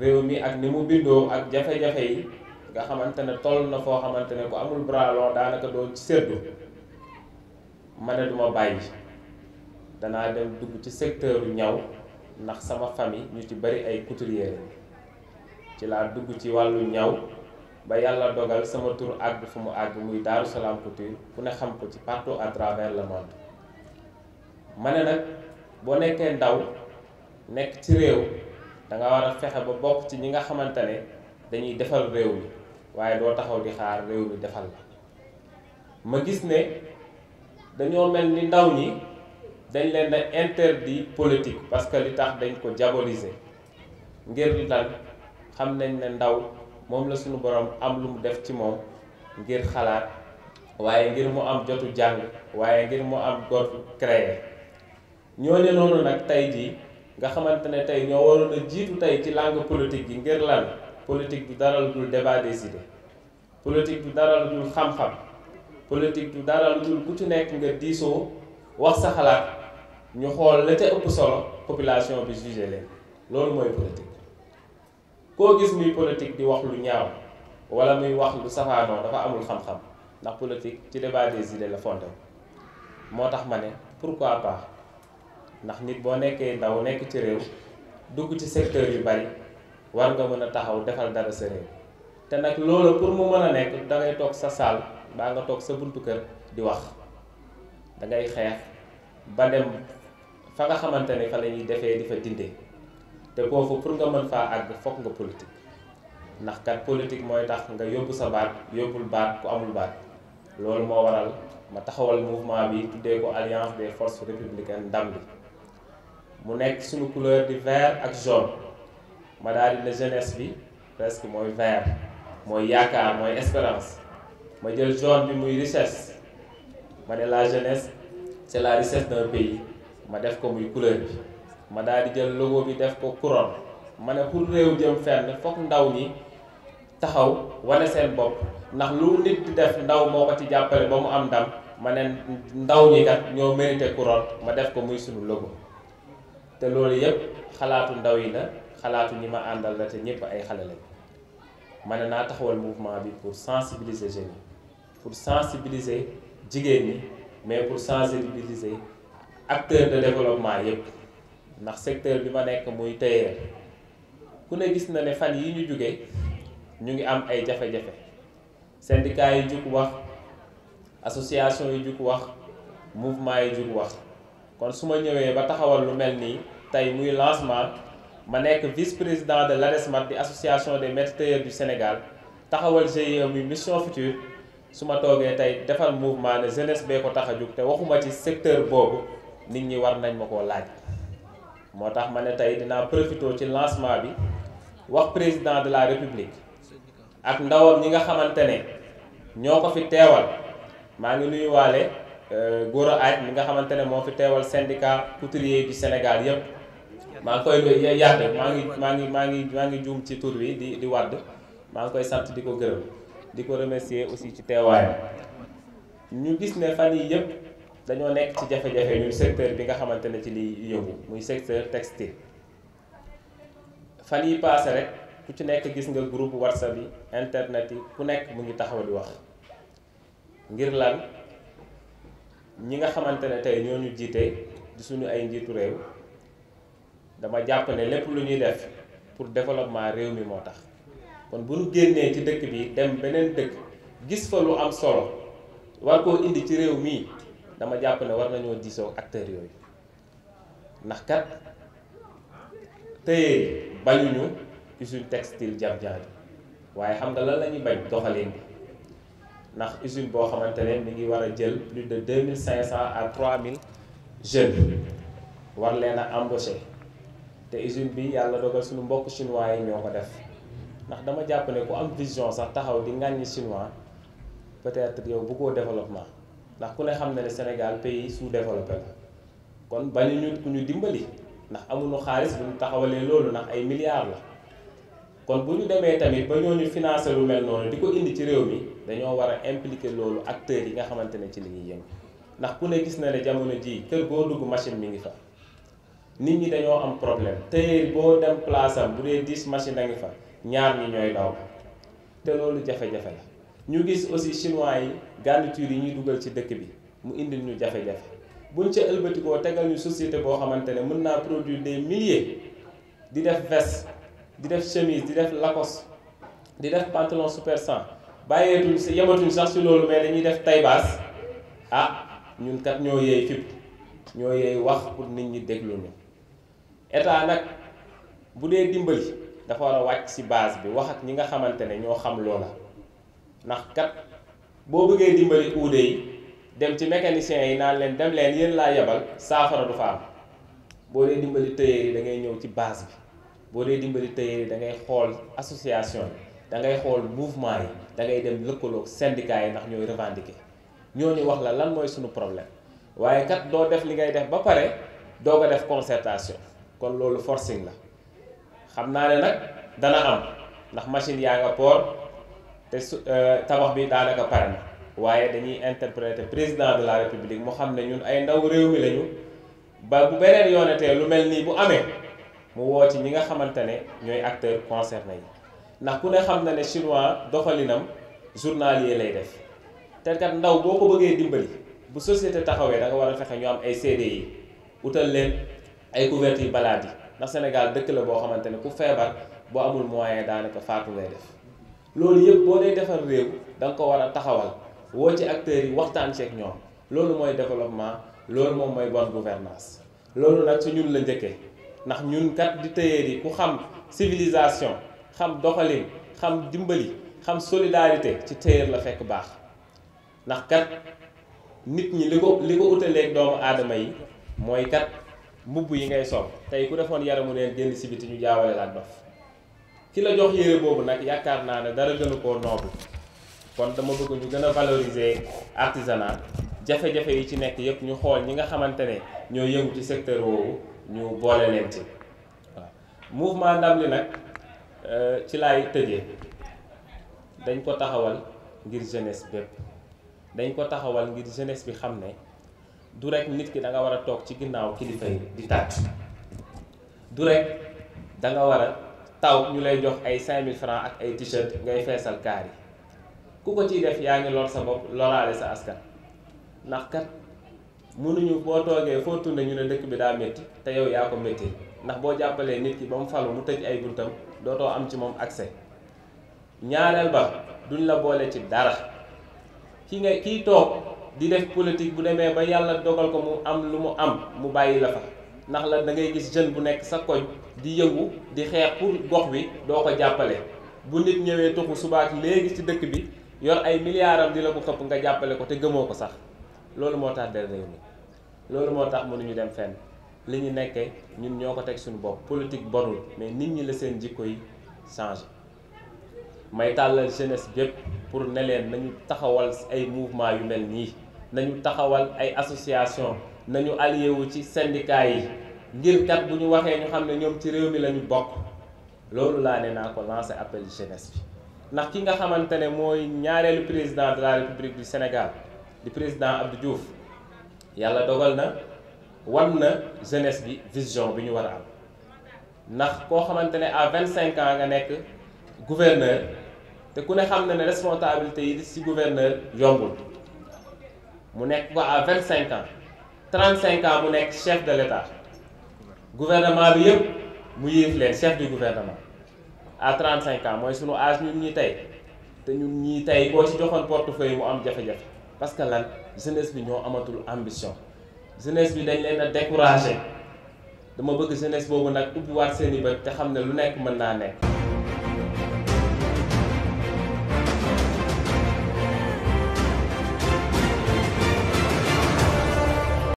réew mi ak ni mu bindoo ak jafe-jafe yi nga xamante ne toll na foo xamante ne ku amul bralon daanaka doo ci seddu ma ne duma bàyyi danaa dem dugg ci secteur ñaw ndax sama famille ñu ci bari ay couturier ci laa dugg ci wàllu ñaw ba yàlla dogal sama tur àgg fu mu àgg muy Daaru Salaam Couture ku ne xam ko ci partout à travers le monde ma ne nag boo nekkee ndaw nekk ci réew da nga war a fexe ba bokk ci ñi nga xamante ne dañuy defal réew mi waaye doo taxaw di xaar réew mi defal la ma gis ne dañoo mel ni ndaw ñi dañ leen a interdit politique parce que li tax dañ ko diaboliser ngir li lan xam nañ ne ndaw moom la suñu boroom am lu mu def ci moom ngir xalaat waaye ngir mu am jotu jàng waaye ngir mu am gotu créer ñooñu noonu nag tey jii nga xamante ne tey ñoo waroon a jiitu tey ci langue politique bi ngir lan politique du daral lu dul débat des idées politique du dara lu dul xam-xam politique du dara lu dul ku ci nekk nga diisoo wax sa xalaat ñu xool la ca ëpp solo population bi jugé leen loolu mooy politique koo gis muy politique di wax lu ñaaw wala muy wax lu safaanoo dafa amul xam-xam ndax politique ci débat des idées la fondé moo tax ma ne pourquoi pas ndax nit boo nekkee ndaw nekk ci réew dugg ci secteur yu bari war nga mën a taxaw defal dara sa réew te nag loolu pour mu mën a nekk dangay toog sa saal baa nga toog sa buntu kër di wax dangay xeex ba dem fa nga xamante ne fa la defee di fa dindee te foofu pour nga mën faa àgg foog nga politique ndax kat politique mooy tax nga yóbbu sa baat yóbbul baat ku amul baat loolu moo waral ma taxawal mouvement bi tuddee ko alliance des forces républicain ndam li mu nekk suñu couleur di vert ak jaune ma daal di ne jeunesse bi presque mooy vert mooy yaakaar mooy espérance ma jël jaune bi muy richesse ma ne la jeunesse c'est la richesse d'un pays ma def ko muy couleur bi ma daal di jël logo bi def ko couronne ma ne pour réew jëm fenn foog ndaw ñi taxaw wane seen bopp ndax lu nit di def ndaw moo ko ci jàppale ba mu am ndam ma ne ndaw ñi kat ñoo mérité couronne ma def ko muy suñu logo te loolu yëpp xalaatu ndaw yi la xalaatu ñi ma àndal la te ñëpp ay xale lañ ma ne naa taxawal mouvement bi pour sensibiliser jeunes pour sensibiliser jigéen ñi mais pour sensibiliser acteurs de développement yëpp ndax secteur bi ma nekk muy tailleur ku ne gis na ne fan yi ñu jóge ñu ngi am ay jafe-jafe syndicat yi jug wax association yi jug wax mouvement yi jug wax kon su ma ñëwee ba taxawal lu mel nii tey muy lancement ma nekk vice président de la l'ARESMAT di association des maîtres tailleurs du Sénégal taxawal GIE muy mission future su ma toogee tey defal mouvement ne jeunesse bee ko tax a jóg te waxuma ci secteur boobu nit ñi war nañ ma ko laaj moo tax ma ne tey dinaa profité ci lancement bi wax président de la république ak ndawam ñi nga xamante ne ñoo ko fi teewal maa ngi nuyuwaale Euh, Gora Aaj mi nga xamante ne moo fi teewal syndicat couturier bi Sénégal yëpp maa ngi koy yàdd maa ngi maa ngi maa ngi maa ngi juum ci tur wi di di wàdd maa ngi koy sant di ko gërëm di ko remercier aussi ci teewaayam ñu gis ne fan yi yëpp dañoo nekk ci jafe-jafe ñun secteur bi nga xamante ne ci liy yëngu muy secteur textile fan yi paase rek ku ci nekk gis nga groupe whatsapp yi internet yi ku nekk mu ngi taxaw di wax ngir lan ñi nga xamante ne tey ñoo ñu jiite di suñu ay njiitu réew dama jàpp ne lépp lu ñuy def pour développement réew mi moo tax kon bu ñu génnee ci dëkk bi dem beneen dëkk gis fa lu am solo war koo indi ci réew mii dama jàpp ne war nañoo diisoo acteur yooyu ndax kat tey bañuñu usine textile jam-jaan waaye xam nga la ñuy bañ doxalin bi ndax usine boo xamante ne mi ngi war a jël plus de deux mille cinq cent à trois mille jeunes war leen a embaucher te usine bi yàlla dogal suñu mbokk chinois yi ñoo ko def ndax dama jàpp ne ku am vision sax taxaw di ŋàññi chinois peut-être yow bëggoo développement ndax ku ne xam ne Sénégal pays sous-développé la kon bañu ñu ku ñu dimbali ndax amuñu xaalis bu ñu taxawalee loolu ndax ay milliards la. kon bu ñu demee tamit ba ñooñu financé lu mel noonu di ko indi ci réew mi dañoo war a impliquer loolu acteurs yi nga xamante ne ci li ñuy yëngu ndax ku ne gis na ne jamono ji kër goo dugg machine mi ngi fa nit ñi dañoo am problème tey boo dem place bu dee 10 machine a ngi fa ñaar ñi ñooy daw te loolu jafe-jafe la ñu gis aussi chinois yi garniture yi ñuy dugal ci dëkk bi mu indil ñu jafe-jafe buñ ca ëlbatikoo tegal ñu société boo xamante ne mën naa produire des milliers di def veste di def chemise di def lacoste di def pantalon super 100 bàyyeetuñ sa yematuñ sax si loolu mais dañuy def taille ah ñun kat ñoo yeey fipp ñoo yeey wax pour nit ñi déglu ñu état nag bu dee dimbali dafa war a wàcc si base bi wax ak ñi nga xamante ne ñoo xam loola ndax kat boo bëggee dimbali uude yi dem ci mécaniciens yi naan leen dem leen yéen laa yebal saafara du fa am boo dee dimbali tëyee yi da ngay ñëw ci base bi boo dee dimbali tailleur yi da ngay xool association yi da ngay xool mouvement yi da ngay dem lëkkaloog syndicat yi ndax ñooy ñoo ñooñu wax la lan mooy suñu problème waaye kat doo def li ngay def ba pare doo ko def concertation kon loolu forcing la xam naa ne nag dana am ndax machine yaa nga port te su euh, tabax bi daanaka pare na waaye dañuy interpréter président de la république mu xam ne ñun ay ndaw réew mi lañu ba bu beneen yoonatee lu mel nii bu amee. mu woo ci ñi nga xamante ne ñooy acteurs concernés yi ndax ku ne xam na ne chinois doxalinam journalier lay def te kat ndaw boo ko bëggee dimbali bu société taxawee da nga war a fexe ñu am ay yi wutal leen ay couverture maladie ndax Sénégal dëkk la boo xamante ne ku feebar boo amul moyen daanaka faatu ngay def loolu yëpp boo dee defar réew da nga ko war a taxawal woo ci acteurs yi waxtaan ceeg ñoom loolu mooy développement loolu moom mooy bonne gouvernance loolu nag ñun la njëkkee ndax ñun kat di tailleur yi ku xam civilisation xam doxalin xam dimbali xam solidarité ci tailleur la fekk baax ndax kat nit ñi li ko li ko utaleeg doomu aadama yi mooy kat mbubb yi ngay sol tey ku defoon yaramu neen génn si biti ñu jaawale la ak ki la jox yére boobu nag yaakaar naa ne dara gënu koo noobu kon dama bëgg ñu gën a valoriser artisanat jafe-jafe yi ci nekk yépp ñu xool ñi nga xamante ne ñoo yëngu ci secteur woowu ñu boole leen ci waaw mouvement ndam li nag euh, ci laay tëjee dañ ko taxawal ngir jeunesse bépp dañ ko taxawal ngir jeunesse bi xam ne du rek nit ki da nga war a toog ci ginnaaw kilifa yi di tàtt du rek da war a taw ñu lay jox ay 5000 francs ak ay t-shirt ngay feesal kaar yi ku ko ciy def yaa ngi lor sa bopp loraale sa askan ndax kat mënuñu boo toogee foo tunde ñu ne dëkk bi daa métti te yow yaa ko métti ndax boo jàppalee nit ki ba mu falu mu tëj ay buntam doo too am ci moom accès ñaareel ba duñ la boole ci dara ki nga kiy toog di def politique bu demee ba yàlla dogal ko mu am lu mu am mu bàyyi la fa ndax la da ngay gis jeune bu nekk sa koñ di yëngu di xeex pour gox bi doo ko jàppale bu nit ñëwee tuxu subaak léegi ci dëkk bi yor ay milliards di la ko xëpp nga jàppale ko te gëmoo ko sax loolu moo tax del réew loolu moo tax mënuñu dem fenn li ñu nekkee ñun ñoo ko teg suñu bopp politique bonul mais nit ñi la seen jikko yi changé may tàllal jeunesse bépp pour ne leen nañu taxawal ay mouvement yu mel nii nañu taxawal ay association nañu allié ci syndicat yi ngir kat bu ñu waxee ñu xam ne ñoom ci réew mi la bokk loolu laa ne naa ko lancé appel jeunesse bi ndax ki nga xamante ne mooy ñaareelu président de la république du Sénégal di président Abdou Diouf yàlla dogal na wan na jeunesse bi vision bi ñu war a am ndax koo xamante ne à vingt cinq ans nga nekk gouverneur te ku ne xam na ne responsabilité yi ci gouverneur yombul mu nekk ko à vingt cinq ans trente cinq ans mu nekk chef de l'état gouvernement bi yëpp mu yilif leen chef du gouvernement à trente cinq ans mooy sunu âge ñun ñi tey te ñun ñi tey koo ci joxoon portefeuille mu am jafe-jafe parce que lan jeunesse bi ñoo amatul ambition jeunesse bi dañ leen a dama bëgg jeunesse boobu nag ubbiwaat seen i bët te xam ne lu nekk mën naa nekk.